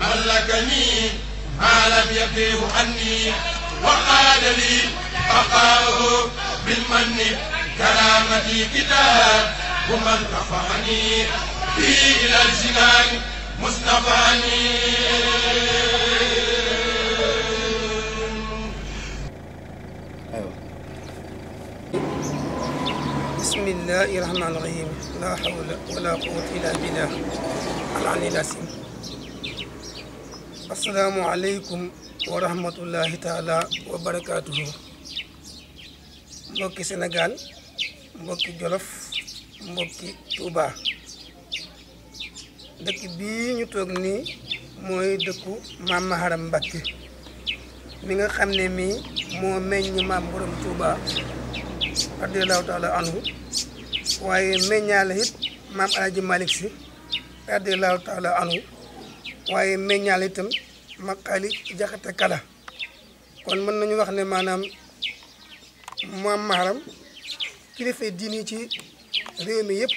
ملكني ما لم يقيه عني وقال لي بقاؤه بالمن كرامتي كتاب ومن انتفعني به إلى الجنان مصطفاني بسم الله الرحمن الرحيم لا حول ولا قوة إلا بالله العلي العظيم asalaamualeykum wa rahmatullahi taala wa barakaatuhu mbokki Sénégal mbokki Jolof mbokki Touba dëkk bii ñu toog nii mooy dëkku maam Maharam Mbàkke mi nga xam ne mii moo meññ maam borom Touba radiallahu taala anhu waaye meññaale it maam Alaaji Malick Si radiallahu taala anhu waaye meññaale itam maqaali jaxate kala kon mën nañu wax ne maanaam maam maaram kilifa diini ci réew mi yëpp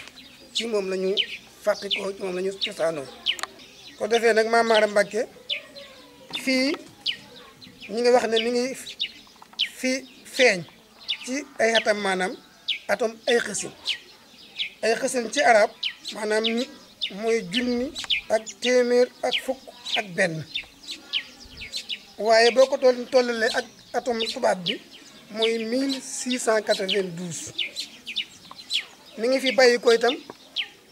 ci moom lañu ñu ko ci moom lañu cosaano cosaanoo ko defee nag maam maaram Mbàkke fii ñi nga wax ne ni ngi fi feeñ ci ay xatam maanaam atom ay xësin ay xësin ci arab maanaam mooy junni ak téeméer ak fukk ak benn waaye boo ko toll tollalee ak atom tubaab bi muy 1692 mi ngi fi bàyyi ko itam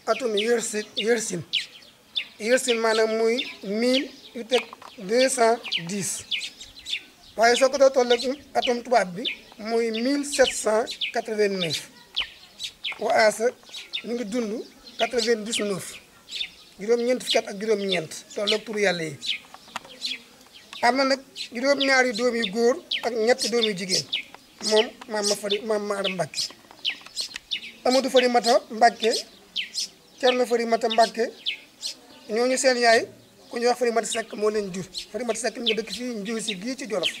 atum yërsin yërsin yërsin maanaam muy 1000 yu teg 210 waaye soo ko toll ak atom tubaab bi muy 1789 waasa mi ngi dund 99. juroom ñent fukki at ak juróom-ñeent tolloog turu yalla yi amna nak juroom juróom-ñaari doom yu góor ak ñett doom yu jigéen moom ma fari mam ma ara Mbàkke Amadou Fari Mata mbacke Cerno Fari Mata Mbàkke ñooñu seen yaay ku ñu wax Fari Mata sak mo leen jur Fari Mata sak nga dëkk ci njur ci gi ci Jolof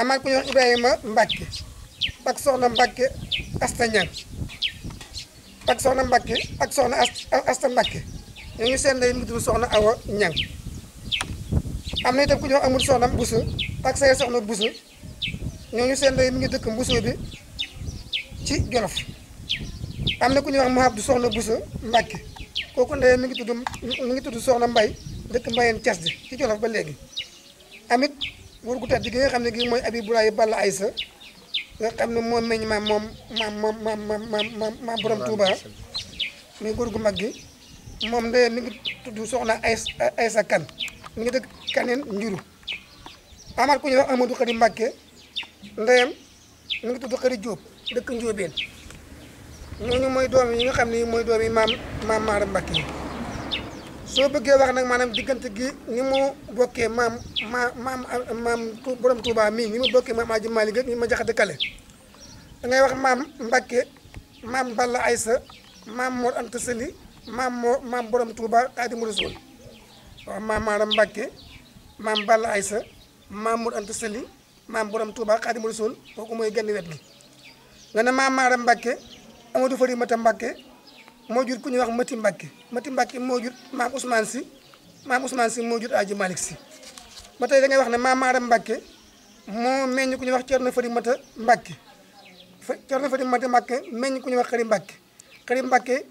amal ku ñu wax Ibrahima mbacke ak soxna mbacke Asta ak soxna Mbacke ak soxna Asta Mbacke ñu ngi seen day mu tudd soxna Awa Ñang amna itam ku ñëw amul soxna Bousso ak say soxna Bousso ñoo ngi seen day mu ngi dëkk Mbuso bi ci Jolof amna ku ñu wax Mouhabdou soxna Bousso Mbacke koku ndey mu ngi tuddu mu ngi tuddu soxna Mbay dëkk mbayen Thiès di ci Jolof ba legi amit wor gu tedd gi nga xamne gi moy abi Abibulaay Balla Aysa nga xamne ne meñ ma mom ma ma ma ma ma ma borom Touba mi gor gu maggi mom de mi ngi tuddu soxna ay Kan mi ngi dëkk kanen Njuru amar ku ñu wax Amadou khadim Mbacke ndeyam mi ngi ñu doom yi nga xamne moy doom yi Mbacke so bëggé wax nak manam digënté gi ni mu bokké mam mam mam maam borom Touba mi ni mu bokké mam Aji malik ni ma jaxate kale da ngay wax mam mbacké mam Balla aïssa mam Mor Anta seli mam Mor maam borom Touba Xaadimu Rasuul waaw maam Maaram mbacké mam Balla aïssa mam Mor Anta seli mam borom Touba Xaadimu Rasuul ko moy genn wet gi nga mam maam Maaram mbacké Amadou Fari Mata mbacké moo jur ku ñuy wax Mati Mbacke Mati Mbacke moo jur maam Ousmane si maam Ousmane si moo jur Aji Malick si ba tey da wax ne maam Maram Mbacke moo meññ ku ñuy wax Thierno Fadi Mata Mbacke Thierno Fadi Mata Mbacke meññ ku ñuy wax Xëri Mbacke Xëri Mbacke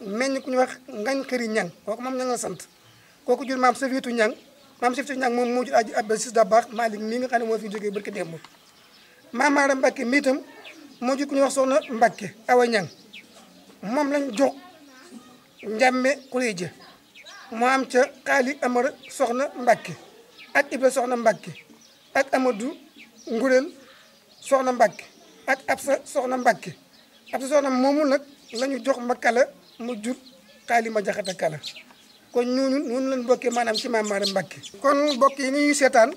meññ ku ñuy wax Ngañ Xëri Ñang kooku moom ñang sant kooku jur maam Safiyetu Ñang maam Safiyetu Ñang moom moo jur Aji Abdel Sis Dabakh Malick mii nga xam ne moo fi jógee barki démb maam Maram Mbacke mii itam moo jur ku ñuy wax Soxna Mbacke Awa Ñang moom lañu jox njàmme kuréel mu am ca xaali amar soxna Mbacke ak Ibra soxna Mbacke ak amadu Ngurel soxna Mbacke ak Absa soxna Mbacke Absa soxna moomu nag la jox ma kala mu jur xaali ma jaxata kala kon ñooñu noonu lañ bokkee maanaam ci maam Maara Mbacke kon mbokk yi ni ñuy seetaan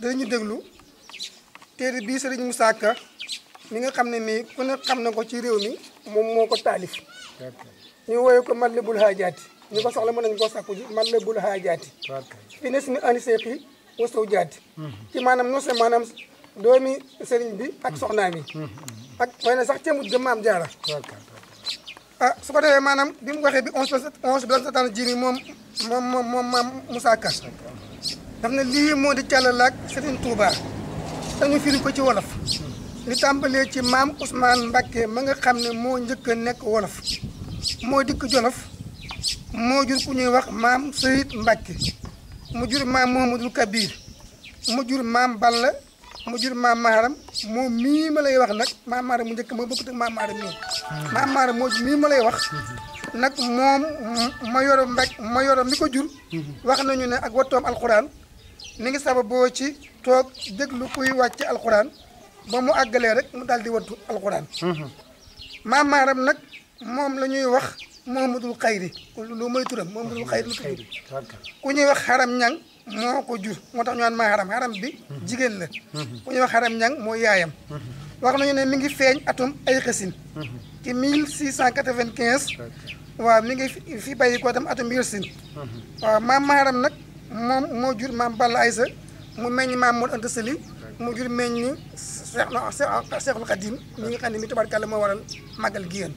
danañu déglu téere bii Serigne Moussa Ka mi nga xamne mi ku ne xam na ko ci rew mi mom moko talif taalif ñu woye ko matlabul haajaati ñu ko soxla mo nañ ko sakku ji matlabul haajaati fi nes mi wo so jaati ci maanaam non seulement maanaam doomi serigne bi ak soxna mi ak wayna sax cemut gëm maam jara ah su ko dewe manam bi mu waxe bi 11 11 bi satan jiri mom mom mom mam musa Moussa dafna li mo di càllalaak serigne Touba dañu firi ko ci wolof li tàmbalee ci maam usmaan Mbakke ma nga xam ne moo njëkk nekk wolof moo dikk jolof moo jur ku ñuy wax maam Sayid Mbakke mu jur maam Mohamadul Kabir mu jur maam Balla mu jur maam Maharam moo mii ma lay wax nag maam Maharam mu njëkk moo bokkut ak maam Maharam mii maam Maharam moo mii ma lay wax nag moom ma yoro Mbak ma yoro mi ko jur wax nañu ne ak wattoom alxuraan ni ngi sababoo ci toog déglu kuy wàcc alxuraan ba mu àggalee rek mu daal di wattu alxuraan. Mhm. maam maaram nag moom la ñuy wax moomadul xayri lu mooy turam moomadul xayri lu tudd ku ñuy wax xaram ñang moo ko jur moo tax ñu naan bi mhm. jigéen la mhm. ñuy wax xaram ñang yaayam wax nañu ne mi ngi feeñ atum ay xasin ci mille six cent quatre-vingt-quinze waaw mi ngi fi bàyyi ko tam atum yërsin waaw maam maaram nag moom moo jur maam Balla Aysa mu meññ maam Mor Anta Sali mu jur meññ Seexul Xadiim mi nga xam ne mi tubaarkàlla moo waral màggal gi yéen